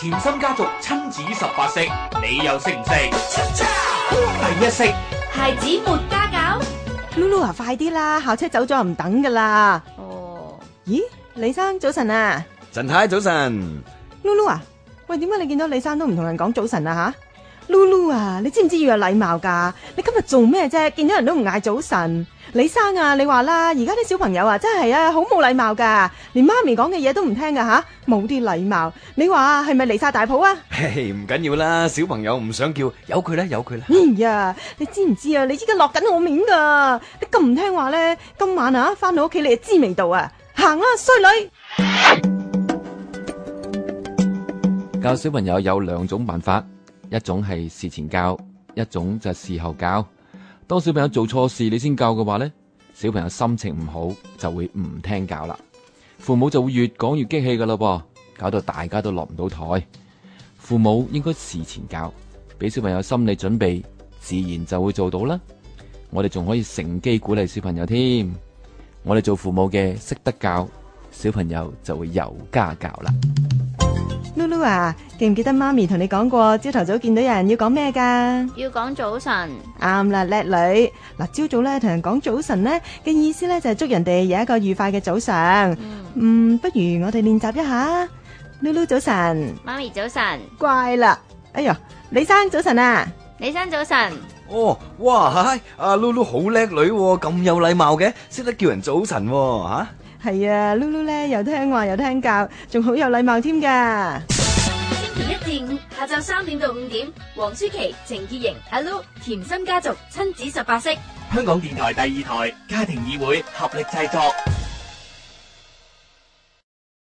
甜心家族親子十八式，你又識唔識？第一式，孩子沒家教？ Lulu 啊，快啲啦，校車走咗唔等噶啦。哦、呃，咦，李生早晨啊，陳太早晨。Lulu 啊，喂，點解你見到李生都唔同人講早晨啊？吓？嚕嚕啊！你知唔知要有禮貌噶？你今日做咩啫？見到人都唔嗌早晨，李生啊！你話啦，而家啲小朋友啊，真係啊，好冇禮貌噶，連媽咪講嘅嘢都唔聽噶吓，冇啲禮貌。你話係咪離晒大譜啊？嘿，唔緊要啦，小朋友唔想叫，由佢啦，由佢啦。哎呀，你知唔知啊？你依家落緊我面噶，你咁唔聽話咧，今晚啊，翻到屋企你就知味道啊，行啦，衰女！教小朋友有兩種辦法。一種係事前教，一種就事後教。當小朋友做錯事你先教嘅話呢，小朋友心情唔好，就會唔聽教啦。父母就會越講越激氣噶啦，噃，搞到大家都落唔到台。父母應該事前教，俾小朋友心理準備，自然就會做到啦。我哋仲可以乘機鼓勵小朋友添。我哋做父母嘅識得教，小朋友就會有家教啦。Lulu 啊，記唔記得媽咪同你講過朝頭早見到有人要講咩噶？要講早晨。啱啦，叻女。嗱，朝早咧同人講早晨咧嘅意思咧就係、是、祝人哋有一個愉快嘅早上。嗯，嗯，不如我哋練習一下。Lulu 早晨，媽咪早晨。乖啦。哎呀，李生早晨啊，李生早晨。哦，哇，阿、啊、Lulu 好叻女、啊，咁有禮貌嘅，識得叫人早晨吓、啊。啊係啊，Lulu 咧，又聽話又聽教，仲好有禮貌添㗎。星期一至五下晝三點到五點，黃舒淇、程潔瑩、阿 Lulu 甜心家族親子十八式，香港電台第二台家庭議會合力製作。